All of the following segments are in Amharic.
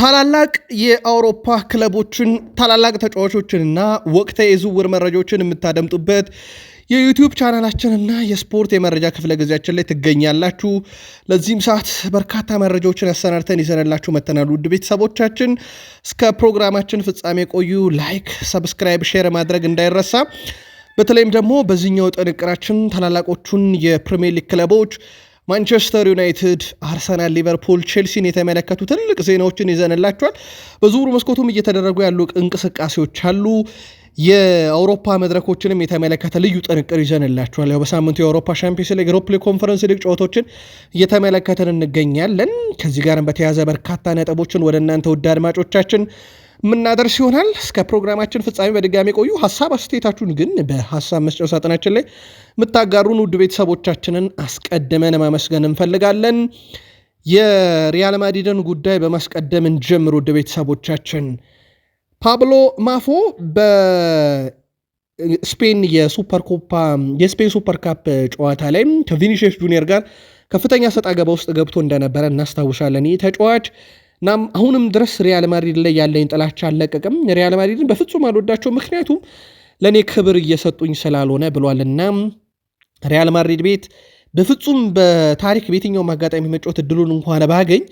ታላላቅ የአውሮፓ ክለቦችን ታላላቅ ተጫዋቾችንና ወቅታዊ የዝውውር መረጃዎችን የምታደምጡበት የዩቲዩብ ቻናላችንና የስፖርት የመረጃ ክፍለ ጊዜያችን ላይ ትገኛላችሁ። ለዚህም ሰዓት በርካታ መረጃዎችን ያሰናድተን ይዘንላችሁ መተናል። ውድ ቤተሰቦቻችን እስከ ፕሮግራማችን ፍጻሜ ቆዩ። ላይክ፣ ሰብስክራይብ፣ ሼር ማድረግ እንዳይረሳ። በተለይም ደግሞ በዚህኛው ጥንቅራችን ታላላቆቹን የፕሪሚየር ሊግ ክለቦች ማንቸስተር ዩናይትድ፣ አርሰናል፣ ሊቨርፑል፣ ቼልሲን የተመለከቱ ትልቅ ዜናዎችን ይዘንላቸዋል። በዝውውር መስኮቱም እየተደረጉ ያሉ እንቅስቃሴዎች አሉ። የአውሮፓ መድረኮችንም የተመለከተ ልዩ ጥንቅር ይዘንላቸዋል። ያው በሳምንቱ የአውሮፓ ሻምፒዮንስ ሊግ፣ ሮፕ ሊግ፣ ኮንፈረንስ ሊግ ጨዋታዎችን እየተመለከተን እንገኛለን። ከዚህ ጋርም በተያያዘ በርካታ ነጥቦችን ወደ እናንተ ውድ አድማጮቻችን ምናደርስ ይሆናል። እስከ ፕሮግራማችን ፍጻሜ በድጋሚ ቆዩ። ሀሳብ አስተያየታችሁን ግን በሀሳብ መስጫው ሳጥናችን ላይ የምታጋሩን ውድ ቤተሰቦቻችንን አስቀድመን ማመስገን እንፈልጋለን። የሪያል ማድሪድን ጉዳይ በማስቀደም እንጀምር። ውድ ቤተሰቦቻችን ፓብሎ ማፎ በስፔን የሱፐር ኮፓ የስፔን ሱፐር ካፕ ጨዋታ ላይ ከቪኒሽስ ጁኒየር ጋር ከፍተኛ ሰጣ ገባ ውስጥ ገብቶ እንደነበረ እናስታውሻለን። ይህ ተጫዋች እናም አሁንም ድረስ ሪያል ማድሪድ ላይ ያለኝ ጥላቻ አልለቀቅም። ሪያል ማድሪድን በፍጹም አልወዳቸው ምክንያቱም ለእኔ ክብር እየሰጡኝ ስላልሆነ ብሏል። እናም ሪያል ማድሪድ ቤት በፍጹም በታሪክ በየትኛውም አጋጣሚ መጫወት እድሉን እንኳን ባገኝ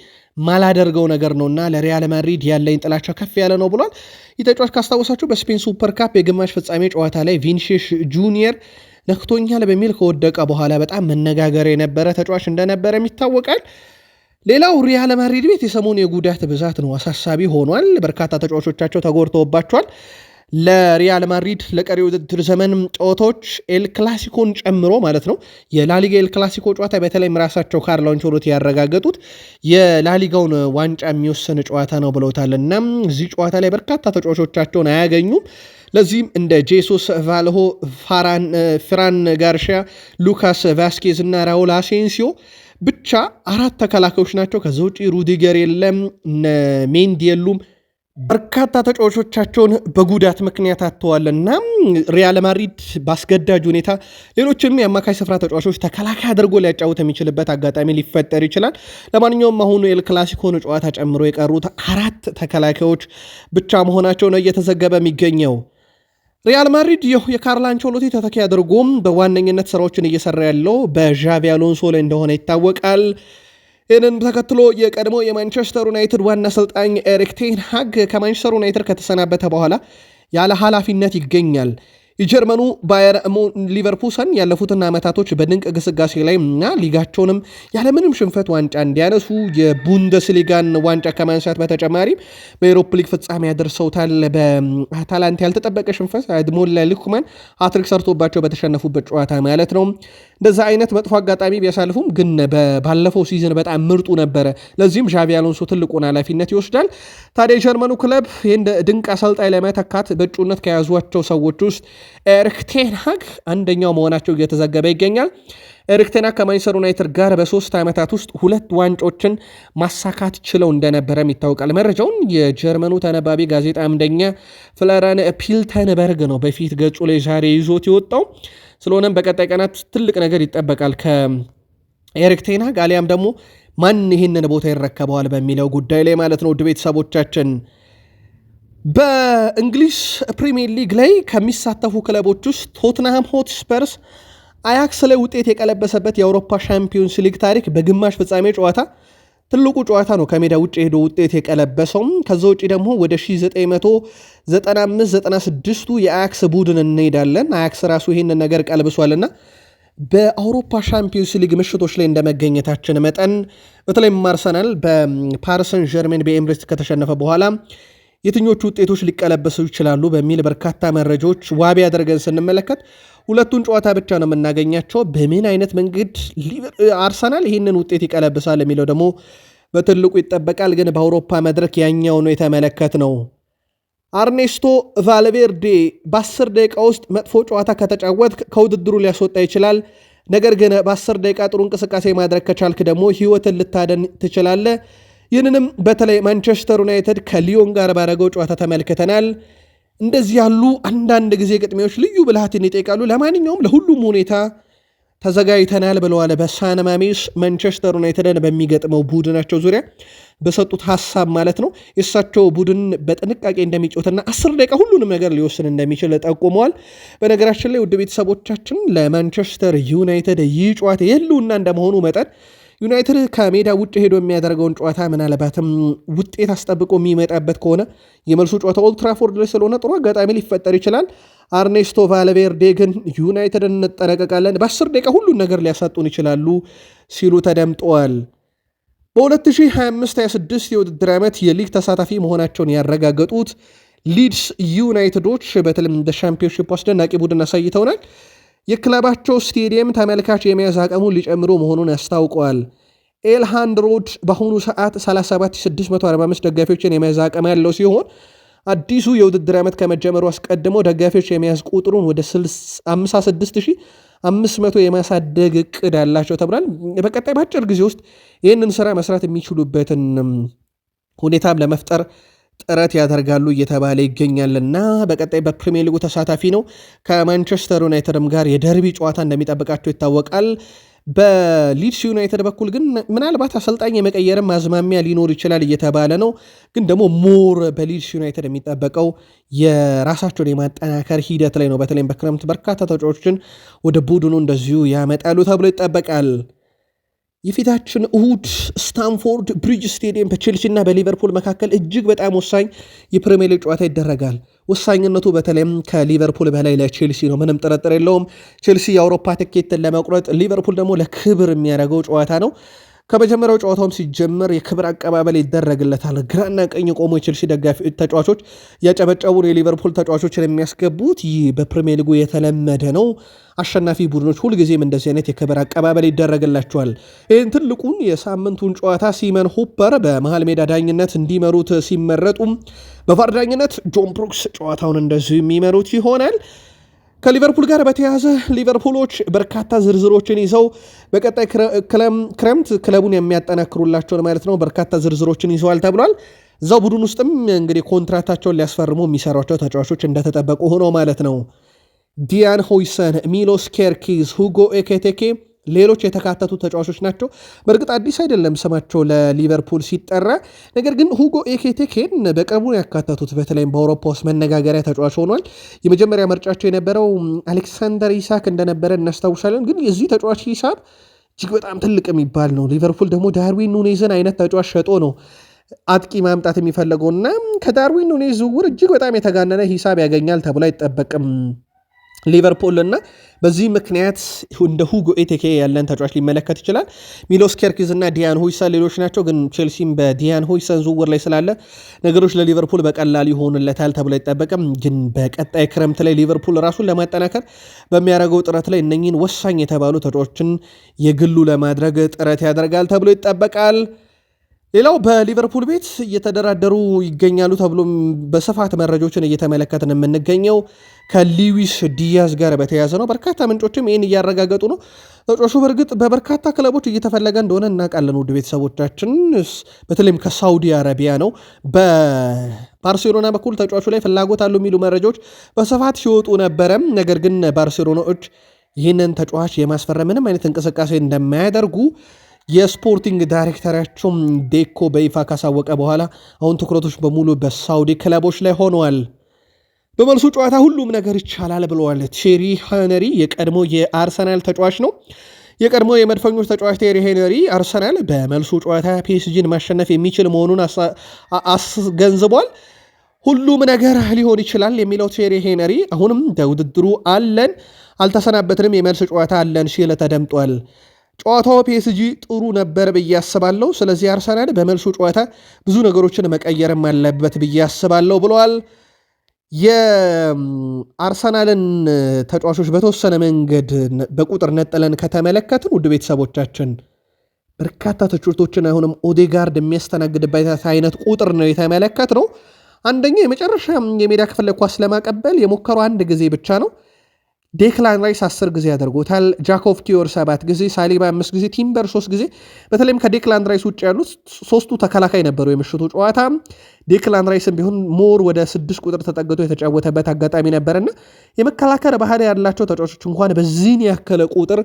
ማላደርገው ነገር ነውና ለሪያል ማድሪድ ያለኝ ጥላቻ ከፍ ያለ ነው ብሏል። ይህ ተጫዋች ካስታወሳችሁ በስፔን ሱፐር ካፕ የግማሽ ፍጻሜ ጨዋታ ላይ ቪኒሺየስ ጁኒየር ነክቶኛል በሚል ከወደቀ በኋላ በጣም መነጋገር የነበረ ተጫዋች እንደነበረም ይታወቃል። ሌላው ሪያል ማድሪድ ቤት የሰሞኑ የጉዳት ብዛት ነው አሳሳቢ ሆኗል። በርካታ ተጫዋቾቻቸው ተጎድተውባቸዋል። ለሪያል ማድሪድ ለቀሪ ውድድር ዘመን ጨዋታዎች ኤል ክላሲኮን ጨምሮ ማለት ነው የላሊጋ ኤል ክላሲኮ ጨዋታ በተለይም ራሳቸው ካርሎ አንቸሎቲ ያረጋገጡት የላሊጋውን ዋንጫ የሚወሰን ጨዋታ ነው ብለውታል እና እዚህ ጨዋታ ላይ በርካታ ተጫዋቾቻቸውን አያገኙም። ለዚህም እንደ ጄሱስ ቫልሆ፣ ፍራን ጋርሺያ፣ ሉካስ ቫስኬዝ እና ራውል አሴንሲዮ ብቻ አራት ተከላካዮች ናቸው። ከዚ ውጪ ሩዲገር የለም፣ ሜንድ የሉም። በርካታ ተጫዋቾቻቸውን በጉዳት ምክንያት አጥተዋል እና ሪያል ማድሪድ በአስገዳጅ ሁኔታ ሌሎችም የአማካይ ስፍራ ተጫዋቾች ተከላካይ አድርጎ ሊያጫውት የሚችልበት አጋጣሚ ሊፈጠር ይችላል። ለማንኛውም አሁኑ ኤል ክላሲኮን ጨዋታ ጨምሮ የቀሩት አራት ተከላካዮች ብቻ መሆናቸው ነው እየተዘገበ የሚገኘው። ሪያል ማድሪድ የካርል አንቸሎቲ ተተኪ አድርጎም በዋነኝነት ስራዎችን እየሰራ ያለው በዣቪ አሎንሶ ላይ እንደሆነ ይታወቃል። ይህንን ተከትሎ የቀድሞ የማንቸስተር ዩናይትድ ዋና አሰልጣኝ ኤሪክ ቴን ሃግ ከማንቸስተር ዩናይትድ ከተሰናበተ በኋላ ያለ ኃላፊነት ይገኛል። የጀርመኑ ባየር ሊቨርፑሰን ያለፉትን ዓመታቶች በድንቅ ግስጋሴ ላይ እና ሊጋቸውንም ያለምንም ሽንፈት ዋንጫ እንዲያነሱ የቡንደስሊጋን ዋንጫ ከማንሳት በተጨማሪ በኤሮፕ ሊግ ፍጻሜ ያደርሰውታል። በአታላንት ያልተጠበቀ ሽንፈት አድሞላ ሊኩማን ሀትሪክ ሰርቶባቸው በተሸነፉበት ጨዋታ ማለት ነው። እንደዛ አይነት መጥፎ አጋጣሚ ቢያሳልፉም ግን ባለፈው ሲዝን በጣም ምርጡ ነበረ። ለዚህም ዣቪ አሎንሶ ትልቁን ኃላፊነት ይወስዳል። ታዲያ የጀርመኑ ክለብ ይህን ድንቅ አሰልጣኝ ለመተካት በእጩነት ከያዟቸው ሰዎች ውስጥ ኤሪክ አንደኛው መሆናቸው እየተዘገበ ይገኛል። ኤሪክ ከማንቸስተር ዩናይትድ ጋር በሶስት ዓመታት ውስጥ ሁለት ዋንጮችን ማሳካት ችለው እንደነበረም ይታወቃል። መረጃውን የጀርመኑ ተነባቢ ጋዜጣ አምደኛ ፍለረን ፒልተንበርግ ነው በፊት ገጹ ላይ ዛሬ ይዞት የወጣው። ስለሆነም በቀጣይ ቀናት ትልቅ ነገር ይጠበቃል ከኤሪክ አሊያም ደግሞ ማን ይህንን ቦታ ይረከበዋል በሚለው ጉዳይ ላይ ማለት ነው። ውድ ቤተሰቦቻችን በእንግሊዝ ፕሪሚየር ሊግ ላይ ከሚሳተፉ ክለቦች ውስጥ ቶትናሃም ሆትስፐርስ አያክስ ላይ ውጤት የቀለበሰበት የአውሮፓ ሻምፒዮንስ ሊግ ታሪክ በግማሽ ፍጻሜ ጨዋታ ትልቁ ጨዋታ ነው ከሜዳ ውጭ ሄዶ ውጤት የቀለበሰውም። ከዛ ውጭ ደግሞ ወደ 1995/96ቱ የአያክስ ቡድን እንሄዳለን። አያክስ ራሱ ይህንን ነገር ቀልብሷልና በአውሮፓ ሻምፒዮንስ ሊግ ምሽቶች ላይ እንደመገኘታችን መጠን በተለይም አርሰናል በፓሪሰን ጀርሜን በኤምሬትስ ከተሸነፈ በኋላ የትኞቹ ውጤቶች ሊቀለበሱ ይችላሉ በሚል በርካታ መረጃዎች ዋቢ አድርገን ስንመለከት ሁለቱን ጨዋታ ብቻ ነው የምናገኛቸው። በምን አይነት መንገድ አርሰናል ይህንን ውጤት ይቀለብሳል የሚለው ደግሞ በትልቁ ይጠበቃል። ግን በአውሮፓ መድረክ ያኛው ነው የተመለከት ነው። አርኔስቶ ቫልቬርዴ በ10 ደቂቃ ውስጥ መጥፎ ጨዋታ ከተጫወት ከውድድሩ ሊያስወጣ ይችላል። ነገር ግን በ10 ደቂቃ ጥሩ እንቅስቃሴ ማድረግ ከቻልክ ደግሞ ህይወትን ልታደን ትችላለህ። ይህንንም በተለይ ማንቸስተር ዩናይትድ ከሊዮን ጋር ባደረገው ጨዋታ ተመልክተናል። እንደዚህ ያሉ አንዳንድ ጊዜ ግጥሚያዎች ልዩ ብልሃትን ይጠይቃሉ። ለማንኛውም ለሁሉም ሁኔታ ተዘጋጅተናል ብለዋል። በሳን ማሜስ ማንቸስተር ዩናይትድን በሚገጥመው ቡድናቸው ዙሪያ በሰጡት ሀሳብ ማለት ነው። የእሳቸው ቡድን በጥንቃቄ እንደሚጫወትና አስር ደቂቃ ሁሉንም ነገር ሊወስን እንደሚችል ጠቁመዋል። በነገራችን ላይ ውድ ቤተሰቦቻችን ለማንቸስተር ዩናይትድ ይህ ጨዋታ የህልውና እንደመሆኑ መጠን ዩናይትድ ከሜዳ ውጭ ሄዶ የሚያደርገውን ጨዋታ ምናልባትም ውጤት አስጠብቆ የሚመጣበት ከሆነ የመልሱ ጨዋታ ኦልትራፎርድ ላይ ስለሆነ ጥሩ አጋጣሚ ሊፈጠር ይችላል። አርኔስቶ ቫልቬርዴ ግን ዩናይትድ እንጠነቀቃለን፣ በአስር ደቂቃ ሁሉን ነገር ሊያሳጡን ይችላሉ ሲሉ ተደምጠዋል። በ2025/26 የውድድር ዓመት የሊግ ተሳታፊ መሆናቸውን ያረጋገጡት ሊድስ ዩናይትዶች በተለይም በሻምፒዮንሺፕ አስደናቂ ቡድን አሳይተውናል። የክለባቸው ስቴዲየም ተመልካች የመያዝ አቅሙን ሊጨምሩ መሆኑን አስታውቀዋል። ኤልሃንድ ሮድ በአሁኑ ሰዓት 37645 ደጋፊዎችን የመያዝ አቅም ያለው ሲሆን አዲሱ የውድድር ዓመት ከመጀመሩ አስቀድሞ ደጋፊዎች የመያዝ ቁጥሩን ወደ 56500 የማሳደግ እቅድ ያላቸው ተብሏል። በቀጣይ በአጭር ጊዜ ውስጥ ይህንን ስራ መስራት የሚችሉበትን ሁኔታም ለመፍጠር ጥረት ያደርጋሉ እየተባለ ይገኛልና በቀጣይ በፕሪሚየር ሊጉ ተሳታፊ ነው። ከማንቸስተር ዩናይትድም ጋር የደርቢ ጨዋታ እንደሚጠብቃቸው ይታወቃል። በሊድስ ዩናይትድ በኩል ግን ምናልባት አሰልጣኝ የመቀየርም አዝማሚያ ሊኖር ይችላል እየተባለ ነው። ግን ደግሞ ሞር በሊድስ ዩናይትድ የሚጠበቀው የራሳቸውን የማጠናከር ሂደት ላይ ነው። በተለይም በክረምት በርካታ ተጫዋቾችን ወደ ቡድኑ እንደዚሁ ያመጣሉ ተብሎ ይጠበቃል። የፊታችን እሁድ ስታንፎርድ ብሪጅ ስቴዲየም በቼልሲና በሊቨርፑል መካከል እጅግ በጣም ወሳኝ የፕሪሚየር ሊግ ጨዋታ ይደረጋል። ወሳኝነቱ በተለይም ከሊቨርፑል በላይ ለቼልሲ ነው፣ ምንም ጥርጥር የለውም። ቼልሲ የአውሮፓ ትኬትን ለመቁረጥ፣ ሊቨርፑል ደግሞ ለክብር የሚያደርገው ጨዋታ ነው። ከመጀመሪያው ጨዋታውም ሲጀመር የክብር አቀባበል ይደረግለታል። ግራና ቀኝ ቆሞ የቼልሲ ደጋፊ ተጫዋቾች ያጨበጨቡን የሊቨርፑል ተጫዋቾችን የሚያስገቡት ይህ በፕሪሚየር ሊጉ የተለመደ ነው። አሸናፊ ቡድኖች ሁልጊዜም እንደዚህ አይነት የክብር አቀባበል ይደረግላቸዋል። ይህን ትልቁን የሳምንቱን ጨዋታ ሲመን ሁፐር በመሀል ሜዳ ዳኝነት እንዲመሩት ሲመረጡም በቫር ዳኝነት ጆን ብሩክስ ጨዋታውን እንደዚሁ የሚመሩት ይሆናል። ከሊቨርፑል ጋር በተያያዘ ሊቨርፑሎች በርካታ ዝርዝሮችን ይዘው በቀጣይ ክረምት ክለቡን የሚያጠናክሩላቸውን ማለት ነው በርካታ ዝርዝሮችን ይዘዋል ተብሏል። እዛው ቡድን ውስጥም እንግዲህ ኮንትራታቸውን ሊያስፈርሙ የሚሰሯቸው ተጫዋቾች እንደተጠበቁ ሆኖ ማለት ነው ዲያን ሆይሰን፣ ሚሎስ ኬርኪዝ፣ ሁጎ ኤኬቴኬ ሌሎች የተካተቱ ተጫዋቾች ናቸው። በእርግጥ አዲስ አይደለም ስማቸው ለሊቨርፑል ሲጠራ፣ ነገር ግን ሁጎ ኤኬቴኬን በቅርቡ ያካተቱት በተለይም በአውሮፓ ውስጥ መነጋገሪያ ተጫዋች ሆኗል። የመጀመሪያ ምርጫቸው የነበረው አሌክሳንደር ኢሳክ እንደነበረ እናስታውሳለን። ግን የዚህ ተጫዋች ሂሳብ እጅግ በጣም ትልቅ የሚባል ነው። ሊቨርፑል ደግሞ ዳርዊን ኑኔዝን አይነት ተጫዋች ሸጦ ነው አጥቂ ማምጣት የሚፈለገውና ከዳርዊን ኑኔዝ ዝውውር እጅግ በጣም የተጋነነ ሂሳብ ያገኛል ተብሎ አይጠበቅም። ሊቨርፑል እና በዚህ ምክንያት እንደ ሁጎ ኤቴኬ ያለን ተጫዋች ሊመለከት ይችላል። ሚሎስ ኬርኪዝ እና ዲያን ሆይሰን ሌሎች ናቸው። ግን ቼልሲም በዲያን ሆይሰን ዝውውር ላይ ስላለ ነገሮች ለሊቨርፑል በቀላል ይሆንለታል ተብሎ አይጠበቅም። ግን በቀጣይ ክረምት ላይ ሊቨርፑል ራሱን ለማጠናከር በሚያደርገው ጥረት ላይ እነኝን ወሳኝ የተባሉ ተጫዋቾችን የግሉ ለማድረግ ጥረት ያደርጋል ተብሎ ይጠበቃል። ሌላው በሊቨርፑል ቤት እየተደራደሩ ይገኛሉ ተብሎም በስፋት መረጃዎችን እየተመለከትን የምንገኘው ከሊዊስ ዲያዝ ጋር በተያያዘ ነው። በርካታ ምንጮችም ይህን እያረጋገጡ ነው። ተጫዋቹ በእርግጥ በበርካታ ክለቦች እየተፈለገ እንደሆነ እናውቃለን። ውድ ቤተሰቦቻችን በተለይም ከሳውዲ አረቢያ ነው። በባርሴሎና በኩል ተጫዋቹ ላይ ፍላጎት አሉ የሚሉ መረጃዎች በስፋት ሲወጡ ነበረም። ነገር ግን ባርሴሎናዎች ይህንን ተጫዋች የማስፈረም ምንም አይነት እንቅስቃሴ እንደማያደርጉ የስፖርቲንግ ዳይሬክተራቸው ዴኮ በይፋ ካሳወቀ በኋላ አሁን ትኩረቶች በሙሉ በሳውዲ ክለቦች ላይ ሆነዋል። በመልሱ ጨዋታ ሁሉም ነገር ይቻላል ብለዋል። ቴሪ ሄነሪ የቀድሞ የአርሰናል ተጫዋች ነው። የቀድሞ የመድፈኞች ተጫዋች ቴሪ ሄነሪ አርሰናል በመልሱ ጨዋታ ፒኤስጂን ማሸነፍ የሚችል መሆኑን አስገንዝቧል። ሁሉም ነገር ሊሆን ይችላል የሚለው ቴሪ ሄነሪ አሁንም በውድድሩ አለን፣ አልተሰናበትንም፣ የመልስ ጨዋታ አለን ሲል ተደምጧል። ጨዋታው ፒኤስጂ ጥሩ ነበር ብዬ አስባለሁ። ስለዚህ አርሰናል በመልሱ ጨዋታ ብዙ ነገሮችን መቀየርም አለበት ብዬ አስባለሁ ብለዋል። የአርሰናልን ተጫዋቾች በተወሰነ መንገድ በቁጥር ነጥለን ከተመለከትን ውድ ቤተሰቦቻችን በርካታ ትችቶችን አሁንም ኦዴጋርድ የሚያስተናግድበት አይነት ቁጥር ነው የተመለከት ነው። አንደኛው የመጨረሻ የሜዳ ክፍል ኳስ ለማቀበል የሞከሩ አንድ ጊዜ ብቻ ነው። ዴክላን ራይስ አስር ጊዜ ያደርጎታል ጃኮቭ ኪዮር ሰባት ጊዜ፣ ሳሊባ አምስት ጊዜ፣ ቲምበር ሶስት ጊዜ። በተለይም ከዴክላን ራይስ ውጭ ያሉት ሶስቱ ተከላካይ ነበሩ የምሽቱ ጨዋታ። ዴክላን ራይስም ቢሆን ሞር ወደ ስድስት ቁጥር ተጠግቶ የተጫወተበት አጋጣሚ ነበርና የመከላከል ባህል ያላቸው ተጫዋቾች እንኳን በዚህን ያከለ ቁጥር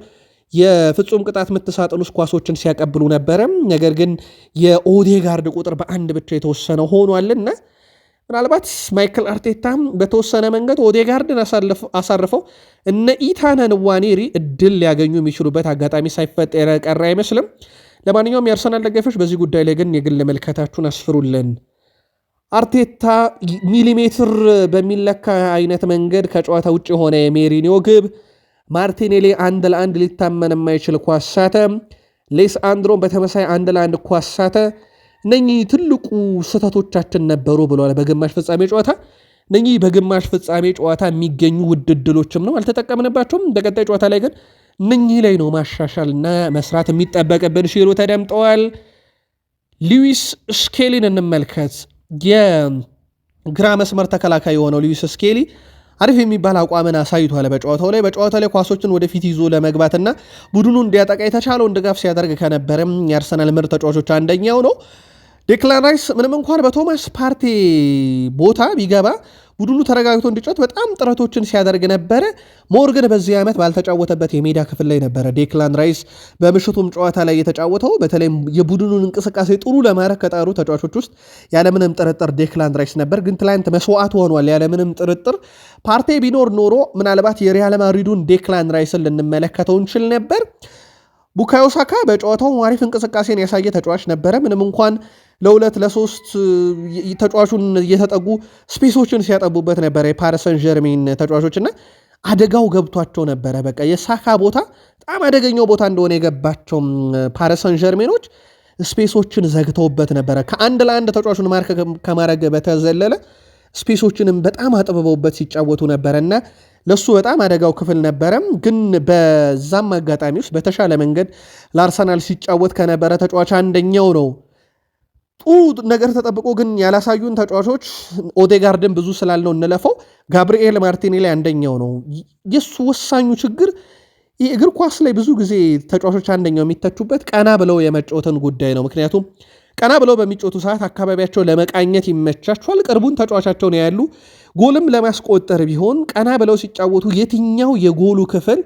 የፍጹም ቅጣት ምት ሳጥን ውስጥ ኳሶችን ሲያቀብሉ ነበረ። ነገር ግን የኦዴጋርድ ቁጥር በአንድ ብቻ የተወሰነ ሆኗልና ምናልባት ማይክል አርቴታም በተወሰነ መንገድ ኦዴጋርድን አሳርፈው እነ ኢታነ ንዋኔሪ እድል ሊያገኙ የሚችሉበት አጋጣሚ ሳይፈጠረ ቀረ አይመስልም። ለማንኛውም የአርሰናል ደጋፊዎች በዚህ ጉዳይ ላይ ግን የግል መልከታችሁን አስፍሩልን። አርቴታ ሚሊሜትር በሚለካ አይነት መንገድ ከጨዋታ ውጭ የሆነ የሜሪኒዮ ግብ፣ ማርቲኔሌ አንድ ለአንድ ሊታመን የማይችል ኳስ ሳተ፣ ሌስ አንድሮን በተመሳይ አንድ ለአንድ ኳስ ሳተ። እነኚህ ትልቁ ስህተቶቻችን ነበሩ ብለዋል። በግማሽ ፍጻሜ ጨዋታ እነኚህ በግማሽ ፍጻሜ ጨዋታ የሚገኙ ውድ ነው፣ አልተጠቀምንባቸውም። በቀጣይ ጨዋታ ላይ ግን እነኚህ ላይ ነው ማሻሻልና መስራት የሚጠበቅብን ሲሉ ተደምጠዋል። ሉዊስ ስኬሊን እንመልከት። የግራ መስመር ተከላካይ የሆነው ሉዊስ ስኬሊ አሪፍ የሚባል አቋምን አሳይቷል። በጨዋታው ላይ በጨዋታው ላይ ኳሶችን ወደፊት ይዞ ለመግባትና ቡድኑ እንዲያጠቃ የተቻለውን ድጋፍ ሲያደርግ ከነበረም የአርሰናል ምርጥ ተጫዋቾች አንደኛው ነው። ዴክላን ራይስ ምንም እንኳን በቶማስ ፓርቴ ቦታ ቢገባ ቡድኑ ተረጋግቶ እንዲጫወት በጣም ጥረቶችን ሲያደርግ ነበረ። ሞር በዚህ ዓመት ባልተጫወተበት የሜዳ ክፍል ላይ ነበረ ዴክላን ራይስ በምሽቱም ጨዋታ ላይ የተጫወተው። በተለይም የቡድኑን እንቅስቃሴ ጥሩ ለማድረግ ከጣሩ ተጫዋቾች ውስጥ ያለምንም ጥርጥር ዴክላን ራይስ ነበር። ግን ትላንት መስዋዕት ሆኗል። ያለምንም ጥርጥር ፓርቴ ቢኖር ኖሮ ምናልባት የሪያል ማድሪዱን ዴክላን ራይስን ልንመለከተው እንችል ነበር። ቡካዮ ሳካ በጨዋታው አሪፍ እንቅስቃሴን ያሳየ ተጫዋች ነበረ ምንም እንኳን ለሁለት ለሶስት ተጫዋቹን እየተጠጉ ስፔሶችን ሲያጠቡበት ነበረ የፓሪሰን ጀርሜን ተጫዋቾችና አደጋው ገብቷቸው ነበረ። በቃ የሳካ ቦታ በጣም አደገኛው ቦታ እንደሆነ የገባቸው ፓሪሰን ጀርሜኖች ስፔሶችን ዘግተውበት ነበረ። ከአንድ ለአንድ ተጫዋቹን ማርከ ከማድረግ በተዘለለ ስፔሶችንም በጣም አጥብበውበት ሲጫወቱ ነበረ እና በጣም አደጋው ክፍል ነበረም። ግን በዛም አጋጣሚ ውስጥ በተሻለ መንገድ ለአርሰናል ሲጫወት ከነበረ ተጫዋች አንደኛው ነው ጥሩ ነገር ተጠብቆ ግን ያላሳዩን ተጫዋቾች ኦዴጋርድን ብዙ ስላለው እንለፈው። ጋብርኤል ማርቲኔሊ አንደኛው ነው። የእሱ ወሳኙ ችግር ይህ እግር ኳስ ላይ ብዙ ጊዜ ተጫዋቾች አንደኛው የሚተቹበት ቀና ብለው የመጫወትን ጉዳይ ነው። ምክንያቱም ቀና ብለው በሚጮቱ ሰዓት አካባቢያቸው ለመቃኘት ይመቻቸዋል። ቅርቡን ተጫዋቻቸው ነው ያሉ። ጎልም ለማስቆጠር ቢሆን ቀና ብለው ሲጫወቱ የትኛው የጎሉ ክፍል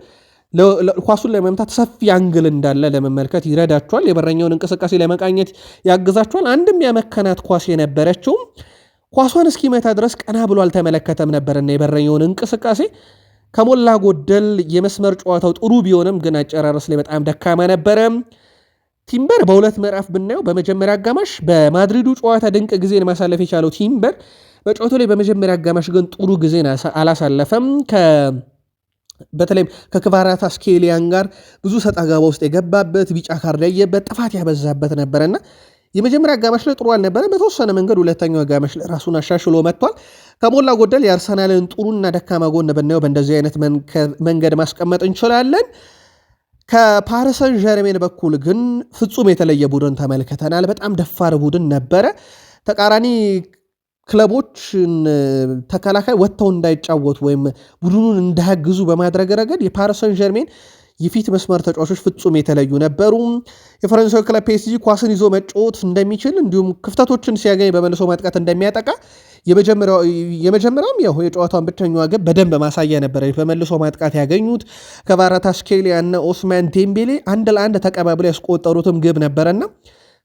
ኳሱን ለመምታት ሰፊ አንግል እንዳለ ለመመልከት ይረዳችኋል። የበረኛውን እንቅስቃሴ ለመቃኘት ያግዛችኋል። አንድም ያመከናት ኳስ የነበረችውም ኳሷን እስኪመታ ድረስ ቀና ብሎ አልተመለከተም ነበርና የበረኛውን እንቅስቃሴ ከሞላ ጎደል የመስመር ጨዋታው ጥሩ ቢሆንም ግን አጨራረስ ላይ በጣም ደካማ ነበረ። ቲምበር በሁለት ምዕራፍ ብናየው በመጀመሪያ አጋማሽ በማድሪዱ ጨዋታ ድንቅ ጊዜን ማሳለፍ የቻለው ቲምበር በጨዋታው ላይ በመጀመሪያ አጋማሽ ግን ጥሩ ጊዜን አላሳለፈም። በተለይም ከክቫራታ ስኬሊያን ጋር ብዙ አጋባ ውስጥ የገባበት ቢጫ ካርድ ያየበት ጥፋት ያበዛበት ነበረና የመጀመሪያ አጋማሽ ላይ ጥሩ አልነበረ። በተወሰነ መንገድ ሁለተኛው አጋማሽ ላይ ራሱን አሻሽሎ መጥቷል። ከሞላ ጎደል የአርሰናልን ጥሩና ደካማ ጎን ብናየው በእንደዚህ አይነት መንገድ ማስቀመጥ እንችላለን። ከፓሪሰን ዠርሜን በኩል ግን ፍጹም የተለየ ቡድን ተመልክተናል። በጣም ደፋር ቡድን ነበረ። ተቃራኒ ክለቦችን ተከላካይ ወጥተው እንዳይጫወቱ ወይም ቡድኑን እንዳያግዙ በማድረግ ረገድ የፓሪሰን ጀርሜን የፊት መስመር ተጫዋቾች ፍጹም የተለዩ ነበሩ። የፈረንሳዊ ክለብ ፒኤስጂ ኳስን ይዞ መጫወት እንደሚችል እንዲሁም ክፍተቶችን ሲያገኝ በመልሶ ማጥቃት እንደሚያጠቃ የመጀመሪያውም ያው የጨዋታውን ብቸኛዋ ግብ በደንብ ማሳያ ነበረ። በመልሶ ማጥቃት ያገኙት ከቫራታስኬሊያ እና ኦስማን ቴምቤሌ አንድ ለአንድ ተቀባብለው ያስቆጠሩትም ግብ ነበረና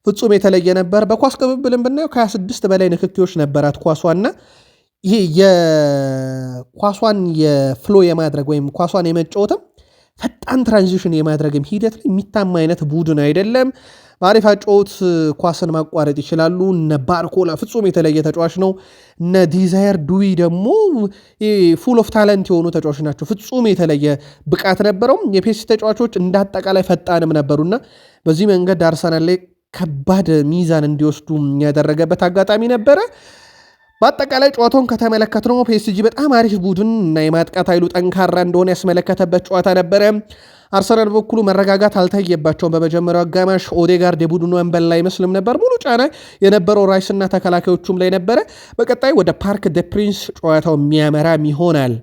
ፍጹም የተለየ ነበር። በኳስ ቅብብልን ብናየው ከ26 በላይ ንክኪዎች ነበራት ኳሷና ይሄ የኳሷን የፍሎ የማድረግ ወይም ኳሷን የመጫወትም ፈጣን ትራንዚሽን የማድረግም ሂደት ላይ የሚታማ አይነት ቡድን አይደለም። በአሪፍ አጨዋወት ኳስን ማቋረጥ ይችላሉ። እነ ባርኮላ ፍጹም የተለየ ተጫዋች ነው። እነ ዲዛየር ዱዊ ደግሞ ፉል ኦፍ ታለንት የሆኑ ተጫዋች ናቸው። ፍጹም የተለየ ብቃት ነበረው። የፔሲ ተጫዋቾች እንዳጠቃላይ ፈጣንም ነበሩና በዚህ መንገድ አርሰናል ላይ ከባድ ሚዛን እንዲወስዱ ያደረገበት አጋጣሚ ነበረ። በአጠቃላይ ጨዋታውን ከተመለከት ነው ፒኤስጂ በጣም አሪፍ ቡድን እና የማጥቃት ኃይሉ ጠንካራ እንደሆነ ያስመለከተበት ጨዋታ ነበረ። አርሰናል በኩሉ መረጋጋት አልታየባቸውም። በመጀመሪያው አጋማሽ ኦዴጋርድ የቡድኑ አንበል ላይ አይመስልም ነበር። ሙሉ ጫና የነበረው ራይስና ተከላካዮቹም ላይ ነበረ። በቀጣይ ወደ ፓርክ ደ ፕሪንስ ጨዋታው የሚያመራም ይሆናል።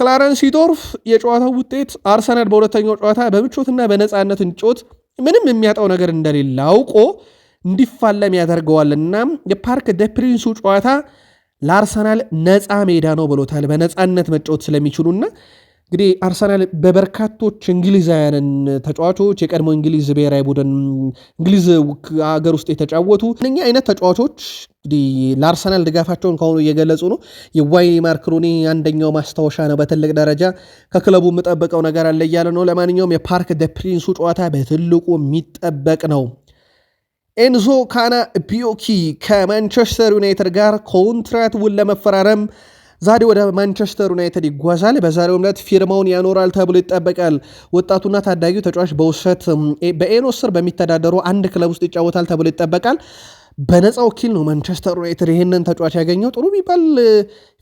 ክላረንስ ሲዶርፍ የጨዋታው ውጤት አርሰናል በሁለተኛው ጨዋታ በምቾትና በነፃነት እንዲጫወት ምንም የሚያጣው ነገር እንደሌለ አውቆ እንዲፋለም ያደርገዋልና የፓርክ ደፕሪንሱ ጨዋታ ለአርሰናል ነፃ ሜዳ ነው ብሎታል። በነፃነት መጫወት ስለሚችሉና እንግዲህ አርሰናል በበርካቶች እንግሊዛውያንን ተጫዋቾች የቀድሞ እንግሊዝ ብሔራዊ ቡድን እንግሊዝ ሀገር ውስጥ የተጫወቱ እነኛ አይነት ተጫዋቾች እንግዲህ ለአርሰናል ድጋፋቸውን ከሆኑ እየገለጹ ነው። የዋይ ማርክ ሩኒ አንደኛው ማስታወሻ ነው። በትልቅ ደረጃ ከክለቡ የምጠበቀው ነገር አለ እያለ ነው። ለማንኛውም የፓርክ ደ ፕሪንሱ ጨዋታ በትልቁ የሚጠበቅ ነው። ኤንዞ ካና ቢዮኪ ከማንቸስተር ዩናይትድ ጋር ኮንትራት ውን ለመፈራረም ዛሬ ወደ ማንቸስተር ዩናይትድ ይጓዛል። በዛሬው ዕለት ፊርማውን ያኖራል ተብሎ ይጠበቃል። ወጣቱና ታዳጊው ተጫዋች በውሰት በኤኖስ ስር በሚተዳደሩ አንድ ክለብ ውስጥ ይጫወታል ተብሎ ይጠበቃል። በነፃ ወኪል ነው ማንቸስተር ዩናይትድ ይህንን ተጫዋች ያገኘው። ጥሩ የሚባል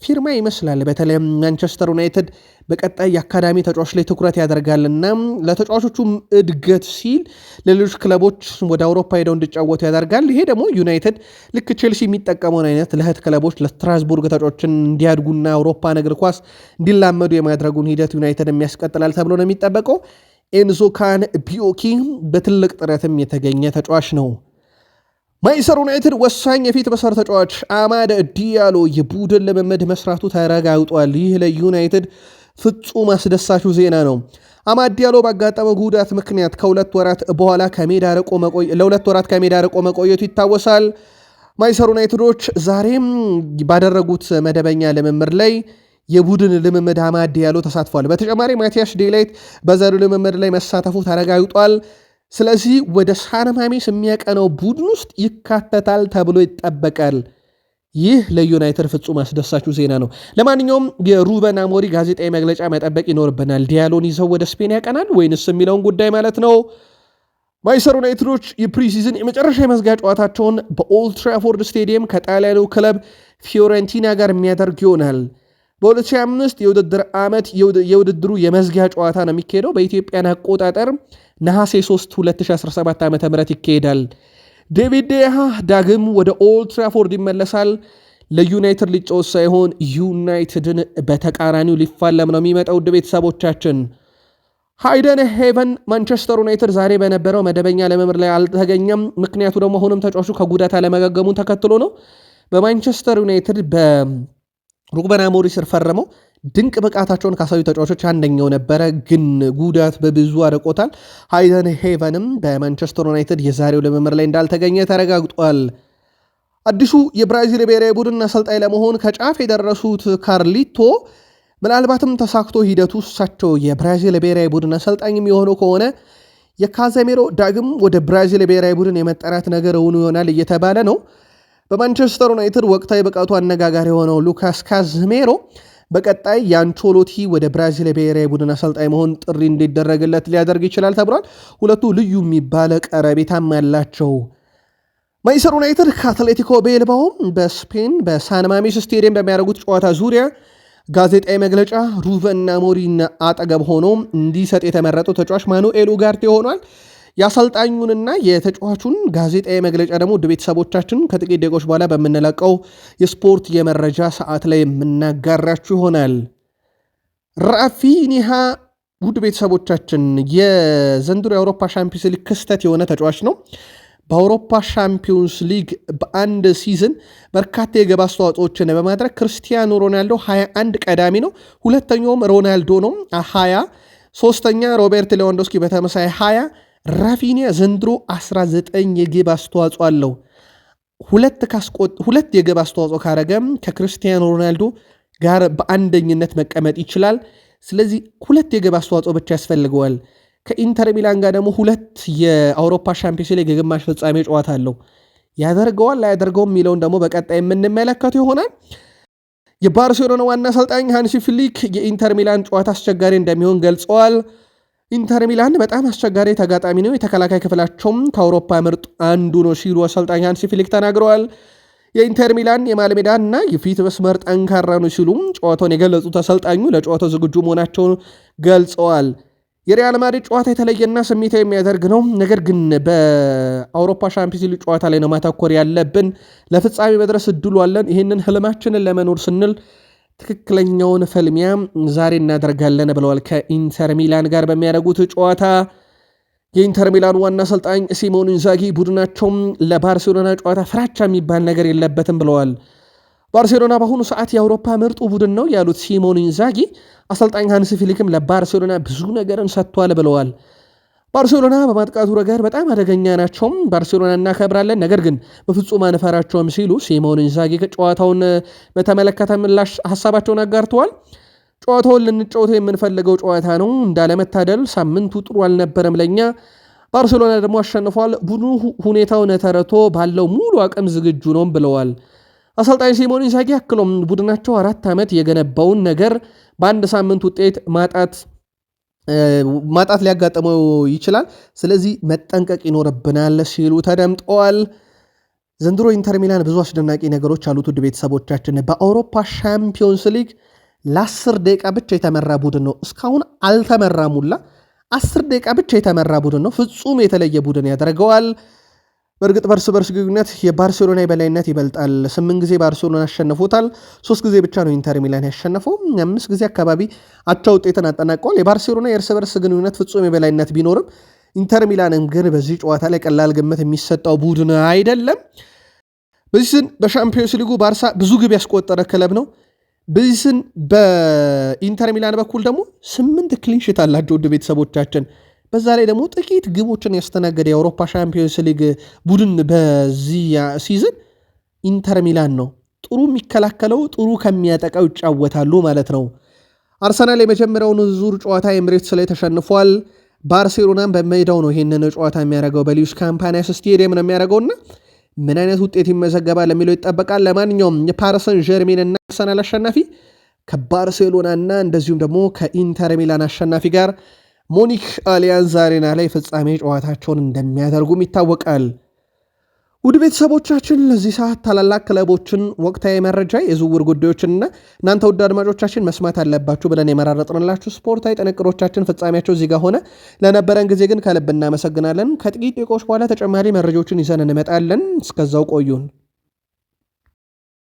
ፊርማ ይመስላል። በተለይ ማንቸስተር ዩናይትድ በቀጣይ የአካዳሚ ተጫዋች ላይ ትኩረት ያደርጋል እና ለተጫዋቾቹም እድገት ሲል ለሌሎች ክለቦች ወደ አውሮፓ ሄደው እንዲጫወቱ ያደርጋል። ይሄ ደግሞ ዩናይትድ ልክ ቼልሲ የሚጠቀመውን አይነት ለእህት ክለቦች ለስትራስቡርግ ተጫዋቾችን እንዲያድጉና አውሮፓ እግር ኳስ እንዲላመዱ የማድረጉን ሂደት ዩናይትድ የሚያስቀጥላል ተብሎ ነው የሚጠበቀው። ኤንዞ ካን በትልቅ ጥረትም የተገኘ ተጫዋች ነው። ማንችስተር ዩናይትድ ወሳኝ የፊት መስመር ተጫዋች አማደ ዲያሎ የቡድን ልምምድ መስራቱ ተረጋግጧል። ይህ ለዩናይትድ ፍጹም አስደሳቹ ዜና ነው። አማድ ዲያሎ ባጋጠመው ጉዳት ምክንያት ከሁለት ወራት በኋላ ለሁለት ወራት ከሜዳ ርቆ መቆየቱ ይታወሳል። ማንችስተር ዩናይትዶች ዛሬም ባደረጉት መደበኛ ልምምድ ላይ የቡድን ልምምድ አማድ ዲያሎ ተሳትፏል። በተጨማሪ ማቲያስ ዴላይት በዘሩ ልምምድ ላይ መሳተፉ ተረጋግጧል። ስለዚህ ወደ ሳርማሜስ የሚያቀነው ቡድን ውስጥ ይካተታል ተብሎ ይጠበቃል። ይህ ለዩናይትድ ፍጹም አስደሳች ዜና ነው። ለማንኛውም የሩበን አሞሪ ጋዜጣዊ መግለጫ መጠበቅ ይኖርብናል። ዲያሎን ይዘው ወደ ስፔን ያቀናል ወይንስ የሚለውን ጉዳይ ማለት ነው። ማንቸስተር ዩናይትዶች የፕሪሲዝን የመጨረሻ የመዝጊያ ጨዋታቸውን በኦልድ ትራፎርድ ስቴዲየም ከጣሊያኑ ክለብ ፊዮረንቲና ጋር የሚያደርግ ይሆናል። በ2025 የውድድር ዓመት የውድድሩ የመዝጊያ ጨዋታ ነው የሚካሄደው በኢትዮጵያን አቆጣጠር ነሐሴ 3 2017 ዓ ም ይካሄዳል። ዴቪድ ዴሃ ዳግም ወደ ኦልድ ትራፎርድ ይመለሳል። ለዩናይትድ ሊጫወት ሳይሆን ዩናይትድን በተቃራኒው ሊፋለም ነው የሚመጣው። ውድ ቤተሰቦቻችን ሃይደን ሄቨን ማንቸስተር ዩናይትድ ዛሬ በነበረው መደበኛ ልምምድ ላይ አልተገኘም። ምክንያቱ ደግሞ አሁንም ተጫዋቹ ከጉዳት አለመገገሙን ተከትሎ ነው። በማንቸስተር ዩናይትድ በሩበን አሞሪም ስር ፈረመው። ድንቅ ብቃታቸውን ካሳዩ ተጫዋቾች አንደኛው ነበረ፣ ግን ጉዳት በብዙ አርቆታል። ሃይደን ሄቨንም በማንቸስተር ዩናይትድ የዛሬው ልምምድ ላይ እንዳልተገኘ ተረጋግጧል። አዲሱ የብራዚል ብሔራዊ ቡድን አሰልጣኝ ለመሆን ከጫፍ የደረሱት ካርሊቶ ምናልባትም ተሳክቶ ሂደቱ እሳቸው የብራዚል ብሔራዊ ቡድን አሰልጣኝ የሆነው ከሆነ የካዘሜሮ ዳግም ወደ ብራዚል ብሔራዊ ቡድን የመጠራት ነገር እውኑ ይሆናል እየተባለ ነው። በማንቸስተር ዩናይትድ ወቅታዊ ብቃቱ አነጋጋሪ የሆነው ሉካስ ካዝሜሮ በቀጣይ የአንቾሎቲ ወደ ብራዚል ብሔራዊ ቡድን አሰልጣኝ መሆን ጥሪ እንዲደረግለት ሊያደርግ ይችላል ተብሏል። ሁለቱ ልዩ የሚባለ ቀረቤታም ያላቸው ማንችስተር ዩናይትድ ከአትሌቲኮ ቤልባውም በስፔን በሳንማሜስ ስቴዲየም በሚያደርጉት ጨዋታ ዙሪያ ጋዜጣዊ መግለጫ ሩቨን አሞሪም አጠገብ ሆኖ እንዲሰጥ የተመረጠው ተጫዋች ማኑኤል ኡጋርቴ ሆኗል። የአሰልጣኙንና የተጫዋቹን ጋዜጣዊ መግለጫ ደግሞ ውድ ቤተሰቦቻችን ከጥቂት ደቂቃዎች በኋላ በምንለቀው የስፖርት የመረጃ ሰዓት ላይ የምናጋራችሁ ይሆናል። ራፊኒሃ ውድ ቤተሰቦቻችን የዘንድሮ የአውሮፓ ሻምፒዮንስ ሊግ ክስተት የሆነ ተጫዋች ነው። በአውሮፓ ሻምፒዮንስ ሊግ በአንድ ሲዝን በርካታ የገባ አስተዋጽኦችን በማድረግ ክርስቲያኖ ሮናልዶ 21 ቀዳሚ ነው። ሁለተኛውም ሮናልዶ ነው 20 ሶስተኛ ሮቤርት ሌዋንዶስኪ በተመሳይ 20 ራፊኒያ ዘንድሮ 19 የግብ አስተዋጽኦ አለው። ሁለት ካስቆጥ ሁለት የግብ አስተዋጽኦ ካረገ ከክርስቲያኖ ሮናልዶ ጋር በአንደኝነት መቀመጥ ይችላል። ስለዚህ ሁለት የግብ አስተዋጽኦ ብቻ ያስፈልገዋል። ከኢንተር ሚላን ጋር ደግሞ ሁለት የአውሮፓ ሻምፒዮንስ ሊግ የግማሽ ፍጻሜ ጨዋታ አለው። ያደርገዋል ላያደርገውም የሚለውን ደግሞ በቀጣይ የምንመለከተው ይሆናል። የባርሴሎና ዋና አሰልጣኝ ሃንሲ ፍሊክ የኢንተር ሚላን ጨዋታ አስቸጋሪ እንደሚሆን ገልጸዋል። ኢንተር ሚላን በጣም አስቸጋሪ ተጋጣሚ ነው፣ የተከላካይ ክፍላቸውም ከአውሮፓ ምርጥ አንዱ ነው ሲሉ አሰልጣኝ ሃንሲ ፊሊክ ተናግረዋል። የኢንተር ሚላን የማልሜዳ ሜዳ እና የፊት መስመር ጠንካራ ነው ሲሉም ጨዋታውን የገለጹት አሰልጣኙ ለጨዋታው ዝግጁ መሆናቸውን ገልጸዋል። የሪያል ማድሪድ ጨዋታ የተለየና ስሜታ የሚያደርግ ነው። ነገር ግን በአውሮፓ ሻምፒዮንስ ሊግ ጨዋታ ላይ ነው ማተኮር ያለብን። ለፍጻሜ መድረስ እድሉ አለን። ይህንን ህልማችንን ለመኖር ስንል ትክክለኛውን ፈልሚያ ዛሬ እናደርጋለን ብለዋል። ከኢንተር ሚላን ጋር በሚያደርጉት ጨዋታ የኢንተር ሚላን ዋና አሰልጣኝ ሲሞን ኢንዛጊ ቡድናቸውም ለባርሴሎና ጨዋታ ፍራቻ የሚባል ነገር የለበትም ብለዋል። ባርሴሎና በአሁኑ ሰዓት የአውሮፓ ምርጡ ቡድን ነው ያሉት ሲሞን ኢንዛጊ አሰልጣኝ ሃንስ ፊሊክም ለባርሴሎና ብዙ ነገርን ሰጥቷል ብለዋል። ባርሴሎና በማጥቃቱ ረገድ በጣም አደገኛ ናቸውም። ባርሴሎና እናከብራለን፣ ነገር ግን በፍጹም አንፈራቸውም ሲሉ ሲሞን ኢንዛጊ ጨዋታውን በተመለከተ ምላሽ ሀሳባቸውን አጋርተዋል። ጨዋታውን ልንጫወተው የምንፈልገው ጨዋታ ነው። እንዳለመታደል ሳምንቱ ጥሩ አልነበረም ለእኛ ባርሴሎና ደግሞ አሸንፏል። ቡድኑ ሁኔታውን ተረቶ ባለው ሙሉ አቅም ዝግጁ ነው ብለዋል። አሰልጣኝ ሲሞን ኢንዛጊ አክሎም ቡድናቸው አራት ዓመት የገነባውን ነገር በአንድ ሳምንት ውጤት ማጣት ማጣት ሊያጋጥመው ይችላል። ስለዚህ መጠንቀቅ ይኖርብናል ሲሉ ተደምጠዋል። ዘንድሮ ኢንተር ሚላን ብዙ አስደናቂ ነገሮች አሉት። ውድ ቤተሰቦቻችን በአውሮፓ ሻምፒዮንስ ሊግ ለአስር ደቂቃ ብቻ የተመራ ቡድን ነው። እስካሁን አልተመራ ሙላ አስር ደቂቃ ብቻ የተመራ ቡድን ነው። ፍጹም የተለየ ቡድን ያደርገዋል። በእርግጥ በእርስ በርስ ግንኙነት የባርሴሎና የበላይነት ይበልጣል። ስምንት ጊዜ ባርሴሎና አሸንፎታል። ሶስት ጊዜ ብቻ ነው ኢንተር ሚላን ያሸነፈው። አምስት ጊዜ አካባቢ አቻ ውጤትን አጠናቀዋል። የባርሴሎና የእርስ በርስ ግንኙነት ፍጹም የበላይነት ቢኖርም ኢንተር ሚላንም ግን በዚህ ጨዋታ ላይ ቀላል ግምት የሚሰጠው ቡድን አይደለም። ስን በሻምፒዮንስ ሊጉ ባርሳ ብዙ ግብ ያስቆጠረ ክለብ ነው። ስን በኢንተር ሚላን በኩል ደግሞ ስምንት ክሊንሽት አላቸው። ውድ ቤተሰቦቻችን በዛ ላይ ደግሞ ጥቂት ግቦችን ያስተናገደ የአውሮፓ ሻምፒዮንስ ሊግ ቡድን በዚያ ሲዝን ኢንተር ሚላን ነው። ጥሩ የሚከላከለው ጥሩ ከሚያጠቃው ይጫወታሉ ማለት ነው። አርሰናል የመጀመሪያውን ዙር ጨዋታ ኤምሬትስ ላይ ተሸንፏል። ባርሴሎናም በሜዳው ነው ይህንን ጨዋታ የሚያደርገው በሊዩስ ካምፓኒያስ ስቴዲየም ነው የሚያደርገውና ምን አይነት ውጤት ይመዘገባል የሚለው ይጠበቃል። ለማንኛውም የፓርሰን ጀርሜን እና አርሰናል አሸናፊ ከባርሴሎና እንደዚሁም ደግሞ ከኢንተር ሚላን አሸናፊ ጋር ሙኒክ አሊያንዝ አሬና ላይ ፍጻሜ ጨዋታቸውን እንደሚያደርጉም ይታወቃል። ውድ ቤተሰቦቻችን ለዚህ ሰዓት ታላላቅ ክለቦችን ወቅታዊ መረጃ፣ የዝውውር ጉዳዮችንና እናንተ ውድ አድማጮቻችን መስማት አለባችሁ ብለን የመራረጥንላችሁ ስፖርታዊ ጥንቅሮቻችን ፍጻሜያቸው እዚህ ጋር ሆነ። ለነበረን ጊዜ ግን ከልብ እናመሰግናለን። ከጥቂት ደቂቃዎች በኋላ ተጨማሪ መረጃዎችን ይዘን እንመጣለን። እስከዛው ቆዩን።